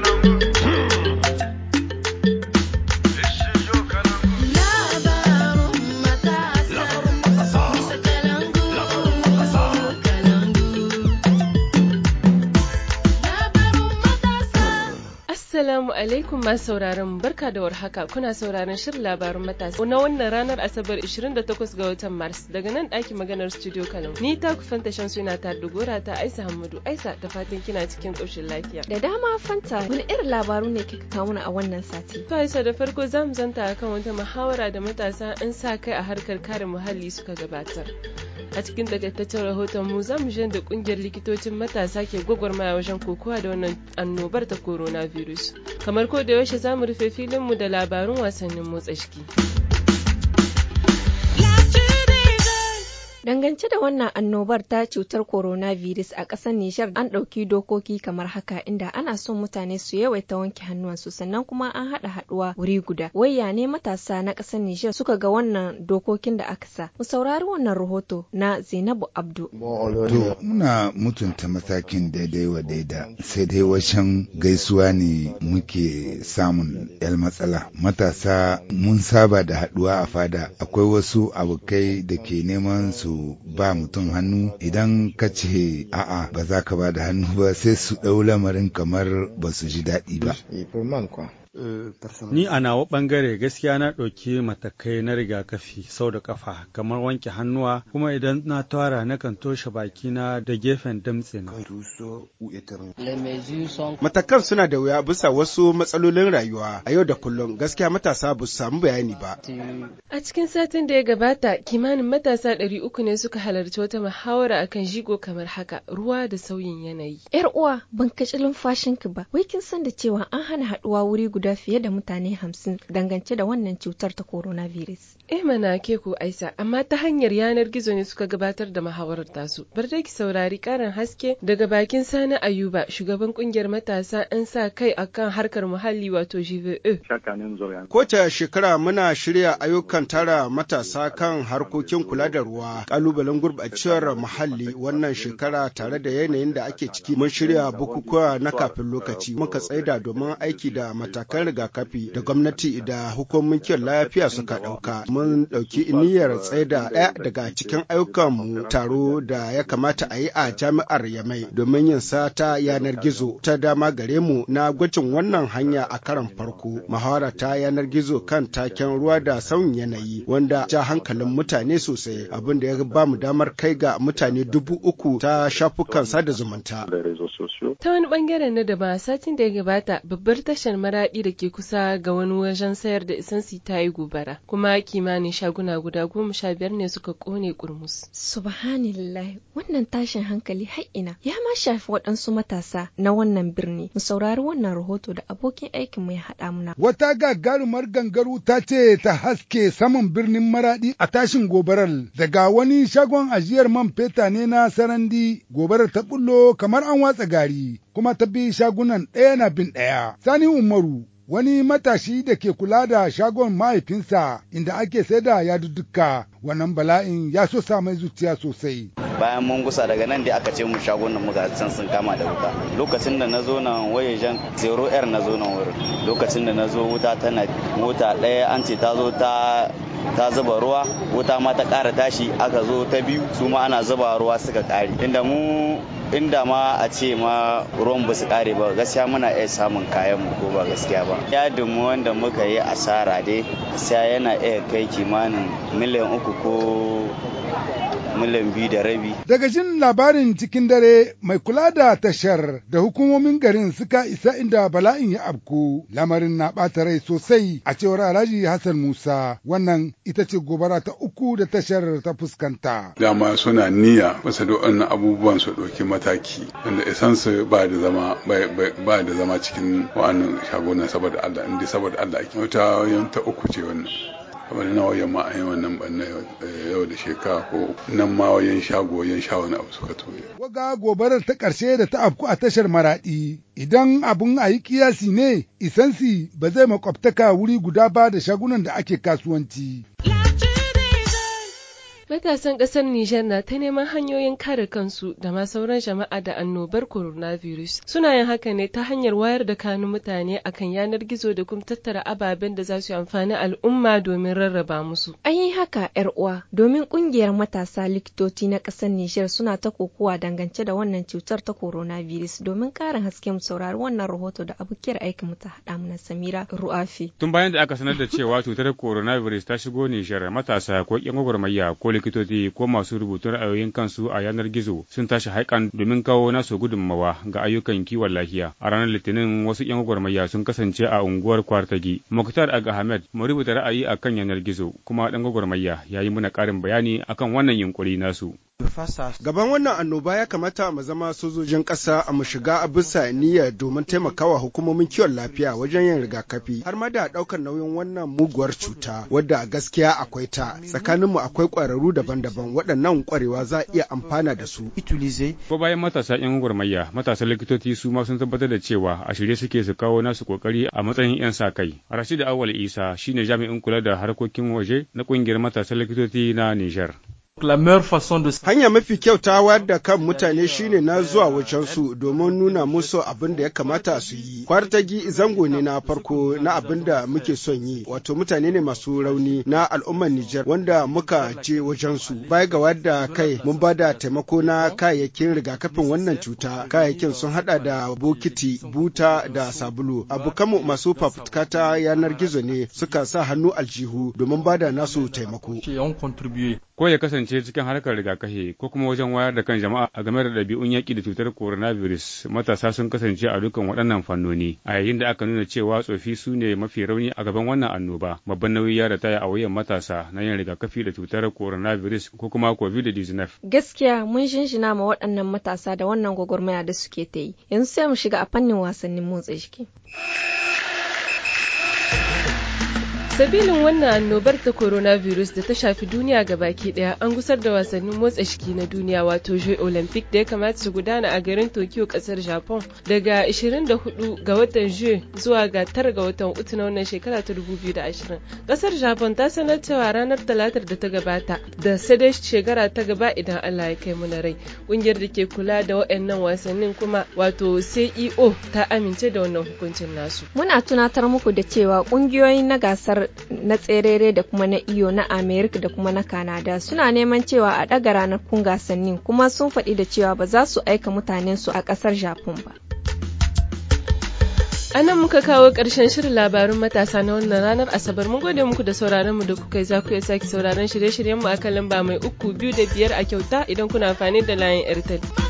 caramba. Assalamu alaikum masu sauraron barka da warhaka kuna sauraron shirin labarin matasa na wannan ranar Asabar 28 ga watan Mars daga nan ɗakin maganar studio Kano. Ni ta ku Fanta shan suna ta dogora ta Aisha Hamadu Aisha da fatan kina cikin ƙoshin lafiya. Da dama Fanta wani irin labaru ne kika kawo mana a wannan sati? To Aisha da farko zamu mu zanta akan wata muhawara da matasa an sa kai a harkar kare muhalli suka gabatar. a cikin takaitaccen rahoton mu za mu da kungiyar likitocin matasa ke gwagwarmaya wajen kokowa da wannan annobar ta coronavirus kamar ko da yaushe za mu rufe mu da labarun wasannin motsa jiki. Dangance da wannan annobar ta cutar coronavirus a ƙasar Nijar an ɗauki dokoki kamar haka inda ana son mutane su yawaita wanke hannuwansu sannan kuma an haɗa haɗuwa wuri guda. Wayya ne matasa na ƙasar Nijar suka ga wannan dokokin da aka sa. Mu saurari wannan rahoto na Zainabu Abdu. To muna mutunta matakin daidai wa daida sai dai wacan gaisuwa ne muke samun yal matsala. Matasa mun saba da haɗuwa a fada akwai wasu abokai da ke neman su ba mutum hannu idan ka ce a'a ba za ka ba da hannu ba sai su ɗau lamarin kamar ba su ji daɗi ba. Eh, Ni a nawa bangare gaskiya na ɗauki matakai na rigakafi sau da kafa kamar wanke hannuwa kuma idan na tara kan toshe bakina da gefen damtse na. Matakan suna da wuya bisa wasu matsalolin rayuwa a yau da kullum gaskiya matasa ba su samu bayani ba. A cikin satin da ya gabata kimanin matasa ɗari uku ne suka halarci wata muhawara akan jigo kamar haka ruwa da sauyin yanayi. Yar uwa ban kaci lumfashinka ba wai kin san da cewa an hana haɗuwa wuri guda guda fiye da mutane hamsin dangance da wannan cutar ta coronavirus. Eh mana ke ku Aisha, amma ta hanyar yanar gizo ne suka gabatar da muhawarar tasu. Bar dai ki saurari karin haske daga bakin Sani Ayuba, shugaban kungiyar matasa an sa kai akan harkar muhalli wato GVE. Kowace shekara muna shirya ayyukan tara matasa kan harkokin kula da ruwa, kalubalen gurbacewar muhalli wannan shekara tare da yanayin da ake ciki mun shirya bukukuwa na kafin lokaci muka tsaida domin aiki da matakan matakan rigakafi da gwamnati da hukumomin kiwon lafiya suka ɗauka. Mun ɗauki niyyar tsaida ɗaya daga cikin ayyukanmu taro da ya kamata a yi a jami'ar Yamai domin yin sata yanar gizo ta dama gare mu na gwajin wannan hanya a karan farko. Mahawara ta yanar gizo kan taken ruwa da sauyin yanayi wanda ja hankalin mutane sosai abin da ya ba mu damar kai ga mutane dubu uku ta shafukan sada zumunta. Ta wani bangaren na da ba satin da ya gabata babbar tashar maraɗi da ke kusa ga wani wajen sayar da isansi ta yi gobara kuma kimanin shaguna guda goma sha biyar ne suka kone kurmus. Subhanallah wannan tashin hankali har ina ya ma shafi waɗansu matasa na wannan birni mu saurari wannan rahoto da abokin aikin mu ya haɗa muna. Wata gagarumar gangaru ta ce ta haske saman birnin maraɗi a tashin gobarar daga wani shagon ajiyar man feta ne na sarandi gobarar ta bullo kamar an watsa gari kuma ta bi shagunan ɗaya na bin ɗaya. Sani Umaru Wani matashi da ke kula da shagon mahaifinsa inda ake sai da yadudduka wannan bala'in ya so sa mai zuciya sosai. Bayan mun gusa daga nan da aka ce mu shagon nan muka can sun kama da wuta. Lokacin da na zo nan wayajen 0R na zo nan wurin. Lokacin da na zo wuta tana mota ɗaya an ce ta zo ta ta zuba ruwa wuta ma ta ƙara tashi aka zo ta biyu su ma ana zuba ruwa suka ƙare. Inda mu inda ma a ce ma ruwan ba su kare ba gaskiya muna iya samun kayan mu ko ba gaskiya ba ya dumu wanda muka yi asara dai sai yana iya kai kimanin miliyan uku ko miliyan biyu da rabi. Daga jin labarin cikin dare mai kula da tashar da hukumomin garin suka isa inda bala'in ya afku lamarin na ɓata rai sosai a cewar Alhaji Hassan Musa wannan ita ce gobara ta uku da tashar ta fuskanta. Dama suna niyya wasu da abubuwan su ɗauki mataki wanda isansu ba da zama ba da zama cikin wa'annan shagunan saboda Allah inda saboda Allah ake. Wata yanta uku ce wannan. wani nawayin ma an yi wannan banna eh, yau da shekara ko nan ma wajen shago wajen sha wani abu suka tuye. Waga gobarar ta ƙarshe da ta afku a tashar maraɗi idan abun a yi kiyasi ne isansi ba zai makwabtaka wuri guda ba da shagunan da ake kasuwanci. Matasan ƙasar Nijar na ta neman hanyoyin kare kansu da ma sauran jama'a da annobar coronavirus. Suna yin haka ne ta hanyar wayar da kanun mutane akan yanar gizo da kuma tattara ababen da za su amfani al'umma domin rarraba musu. An yi haka ‘yar uwa domin ƙungiyar matasa likitoci na ƙasar Nijar suna ta kokowa dangance da wannan cutar ta coronavirus domin ƙarin haske mu saurari wannan rahoto da abokiyar aikin mu ta haɗa mana Samira Ru'afi. Tun bayan da aka sanar da cewa cutar coronavirus ta shigo Nijar matasa ko ƴan gwagwarmaya ko likitoci ko masu rubutu ra'ayoyin kansu a yanar gizo sun tashi haikan domin kawo nasu gudunmawa ga ayyukan kiwon lafiya. A ranar Litinin wasu 'yan gwagwarmaya sun kasance a unguwar Kwartagi. Muktar Aga Ahmed mu rubuta ra'ayi a kan yanar gizo kuma ɗan gwagwarmaya ya yi muna ƙarin bayani akan wannan yunƙuri nasu. Gaban wannan annoba ya kamata mu zama sojojin ƙasa a mu shiga a bisa niyya domin taimakawa hukumomin kiwon lafiya wajen yin rigakafi har ma da ɗaukar nauyin wannan muguwar cuta wadda a gaskiya akwai ta tsakanin mu akwai ƙwararru daban-daban waɗannan ƙwarewa za a iya amfana da su. Ko bayan matasa 'yan gwarmayya matasa likitoci su ma sun tabbatar da cewa a shirye suke su kawo nasu kokari a matsayin 'yan sa kai. Rashid Awal Isa shine jami'in kula da harkokin waje na ƙungiyar matasa likitoci na Nijar. Hanya mafi kyau ta wayar da kan mutane shine na zuwa wajen su domin nuna musu abin da ya kamata su yi. Kwartagi zango ne na farko na abin da muke son yi, wato mutane ne masu rauni na al'ummar Nijar wanda muka je wajen su Baya ga wayar da kai mun ba da taimako na kayayyakin rigakafin wannan cuta. Kayayyakin sun hada da bokiti, buta da sabulu. Abokanmu masu fafutuka yanar gizo ne suka sa hannu aljihu domin ba da nasu taimako. ko ya kasance cikin harkar rigakafi ko kuma wajen wayar da kan jama'a a game da ɗabi'un yaƙi da cutar coronavirus matasa sun kasance a dukkan waɗannan fannoni a yayin da aka nuna cewa tsofi su ne mafi rauni a gaban wannan annoba babban nauyi ya rataya a wayan matasa na yin rigakafi da cutar coronavirus ko kuma covid-19 gaskiya mun shinshina ma waɗannan matasa da wannan gwagwarmaya da suke ta yi yanzu sai mu shiga a fannin wasannin motsa jiki. sabilin wannan annobar ta coronavirus da ta shafi duniya ga baki daya an gusar da wasannin motsa jiki na duniya wato joy olympic da ya kamata su gudana a garin tokyo kasar japan daga 24 ga watan juye zuwa ga 9 ga watan uku na wannan shekara ta 2020 kasar japan ta sanar cewa ranar talatar da ta gabata da sadai shekara ta gaba idan allah ya kai muna rai kungiyar da ke kula da waɗannan wasannin kuma wato ceo ta amince da wannan hukuncin nasu muna tunatar muku da cewa kungiyoyin na gasar na tserere da kuma na iyo na america da kuma na kanada suna neman cewa a ɗaga ranar kun gasannin kuma sun faɗi da cewa ba za su aika mutanensu a ƙasar japan ba A nan muka kawo ƙarshen shirin labarun matasa na wannan ranar Asabar. Mun gode muku da sauraron mu da kuka yi za ku iya sake sauraron shirye-shiryen mu kan lamba mai uku biyu da biyar a kyauta idan kuna amfani da layin Airtel.